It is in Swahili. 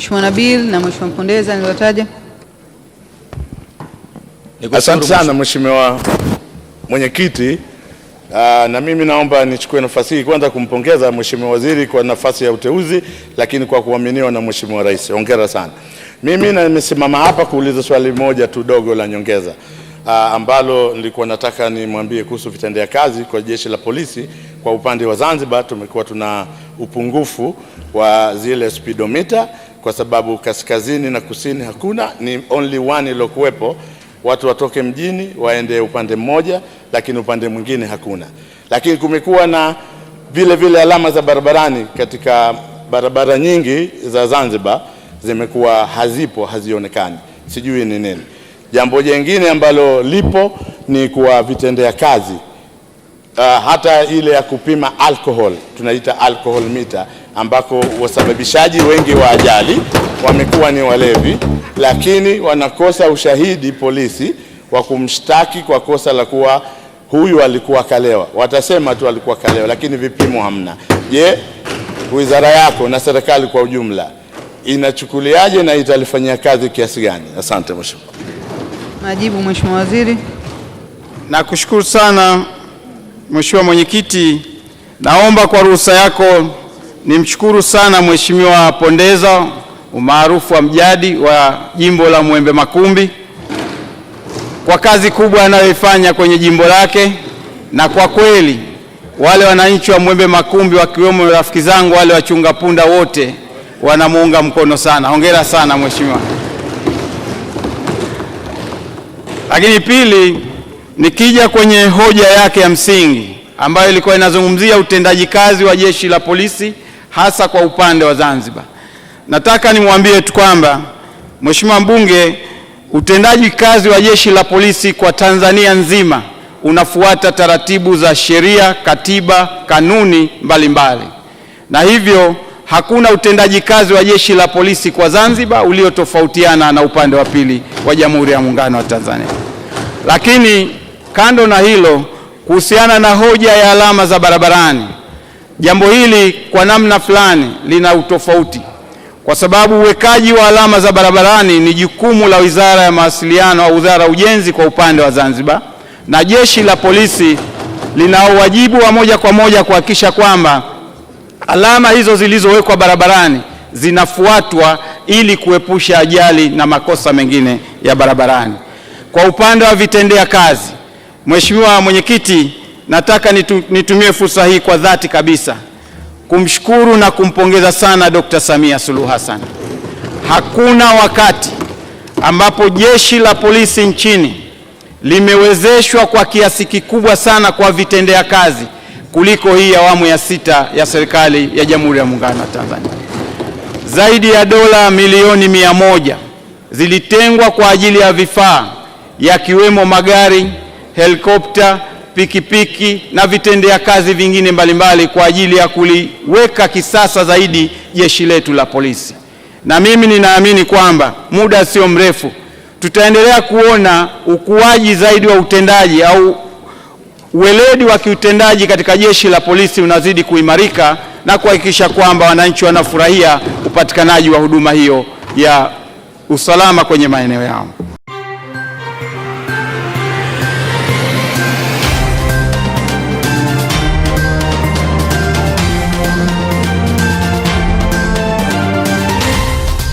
Mheshimiwa Nabil na Mheshimiwa Mpondeza niliwataja. Asante sana Mheshimiwa Mwenyekiti. Aa, ah, na mimi naomba nichukue nafasi hii kwanza kumpongeza Mheshimiwa Waziri kwa nafasi ya uteuzi, lakini kwa kuaminiwa na Mheshimiwa Rais. Hongera sana. Mimi nimesimama hapa kuuliza swali moja tu dogo la nyongeza aa, ah, ambalo nilikuwa nataka nimwambie kuhusu vitendea kazi kwa jeshi la polisi. Kwa upande wa Zanzibar tumekuwa tuna upungufu wa zile spidomita kwa sababu kaskazini na kusini hakuna, ni only one iliyokuwepo. Watu watoke mjini waende upande mmoja, lakini upande mwingine hakuna. Lakini kumekuwa na vile vile alama za barabarani katika barabara nyingi za Zanzibar zimekuwa hazipo, hazionekani, sijui ni nini. Jambo jingine ambalo lipo ni kwa vitendea kazi uh, hata ile ya kupima alcohol tunaita alcohol mita ambako wasababishaji wengi wa ajali wamekuwa ni walevi, lakini wanakosa ushahidi polisi wa kumshtaki kwa kosa la kuwa huyu alikuwa kalewa. Watasema tu alikuwa kalewa, lakini vipimo hamna. Je, wizara yako na serikali kwa ujumla inachukuliaje na italifanyia kazi kiasi gani? Asante mheshimiwa. Majibu mheshimiwa waziri. Nakushukuru sana mheshimiwa mwenyekiti, naomba kwa ruhusa yako Nimshukuru sana Mheshimiwa Pondeza umaarufu wa mjadi wa jimbo la Mwembe Makumbi kwa kazi kubwa anayoifanya kwenye jimbo lake, na kwa kweli wale wananchi wa Mwembe Makumbi wakiwemo rafiki zangu wale wachunga punda wote wanamuunga mkono sana. Hongera sana mheshimiwa. Lakini pili, nikija kwenye hoja yake ya msingi ambayo ilikuwa inazungumzia utendaji kazi wa jeshi la polisi hasa kwa upande wa Zanzibar. Nataka nimwambie tu kwamba Mheshimiwa Mbunge, utendaji kazi wa jeshi la polisi kwa Tanzania nzima unafuata taratibu za sheria, katiba, kanuni mbalimbali mbali. Na hivyo hakuna utendaji kazi wa jeshi la polisi kwa Zanzibar uliotofautiana na upande wa pili wa Jamhuri ya Muungano wa Tanzania. Lakini kando na hilo, kuhusiana na hoja ya alama za barabarani Jambo hili kwa namna fulani lina utofauti kwa sababu uwekaji wa alama za barabarani ni jukumu la Wizara ya Mawasiliano au Wizara ya Ujenzi kwa upande wa Zanzibar, na Jeshi la Polisi lina wajibu wa moja kwa moja kuhakikisha kwamba alama hizo zilizowekwa barabarani zinafuatwa ili kuepusha ajali na makosa mengine ya barabarani. Kwa upande wa vitendea kazi, Mheshimiwa Mwenyekiti, Nataka nitumie fursa hii kwa dhati kabisa kumshukuru na kumpongeza sana Dr. Samia Suluhu Hassan. Hakuna wakati ambapo jeshi la polisi nchini limewezeshwa kwa kiasi kikubwa sana kwa vitendea kazi kuliko hii awamu ya sita ya serikali ya Jamhuri ya Muungano wa Tanzania. Zaidi ya dola milioni mia moja zilitengwa kwa ajili ya vifaa yakiwemo magari, helikopta pikipiki na vitendea kazi vingine mbalimbali kwa ajili ya kuliweka kisasa zaidi jeshi letu la polisi. Na mimi ninaamini kwamba muda sio mrefu tutaendelea kuona ukuaji zaidi wa utendaji au uweledi wa kiutendaji katika jeshi la polisi unazidi kuimarika na kuhakikisha kwamba wananchi wanafurahia upatikanaji wa huduma hiyo ya usalama kwenye maeneo yao.